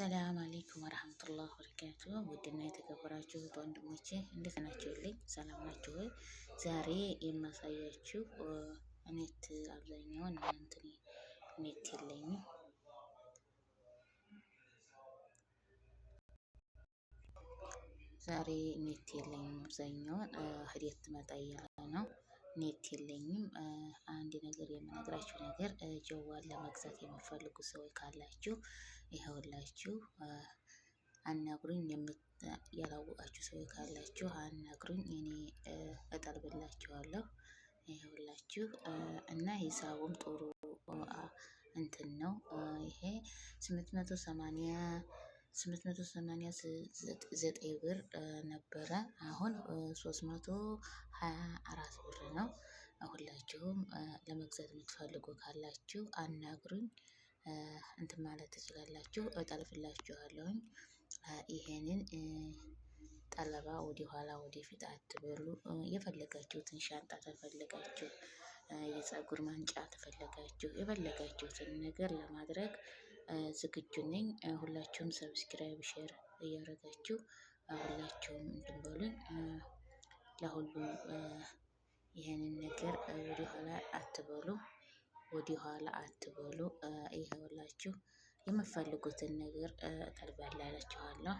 ሰላም አለይኩም ወረህመቱላህ ወበረካቱ። ውድና የተከበራችሁ ወንድሞቼ እንዴት ናችሁልኝ? ሰላም ናችሁ ወይ? ዛሬ የማሳያችሁ እኔት አብዛኛውን እንትን ኔት የለኝም ዛሬ ኔት የለኝም። አብዛኛውን ሂደት ትመጣ እያለ ነው ኔት የለኝም የምነግራችሁ ነገር ጀዋል ለመግዛት የሚፈልጉ ሰዎች ካላችሁ ይኸውላችሁ፣ አናግሩኝ። ያላወቃችሁ ሰዎች ካላችሁ አናግሩኝ፣ እኔ እጠልብላችኋለሁ። ይኸውላችሁ እና ሂሳቡም ጥሩ እንትን ነው። ይሄ ስምንት መቶ ሰማንያ ስምንት መቶ ሰማንያ ዘጠኝ ብር ነበረ። አሁን ሶስት መቶ ሀያ ሁላችሁም ለመግዛት የምትፈልጉ ካላችሁ አናግሩኝ፣ እንትን ማለት ትችላላችሁ። እጠልፍላችኋለሁኝ። ይሄንን ጠለባ ወደኋላ ኋላ ወደፊት አትበሉ። የፈለጋችሁትን ሻንጣ ተፈለጋችሁ፣ የፀጉር ማንጫ ተፈለጋችሁ፣ የፈለጋችሁትን ነገር ለማድረግ ዝግጁ ነኝ። ሁላችሁም ሰብስክራይብ፣ ሼር እያደረጋችሁ ሁላችሁም እንትን በሉኝ ለሁሉም ይህንን ነገር ወደኋላ አትበሉ፣ ወደኋላ አትበሉ። ይኸውላችሁ የምፈልጉትን ነገር ተልባላላችኋለሁ።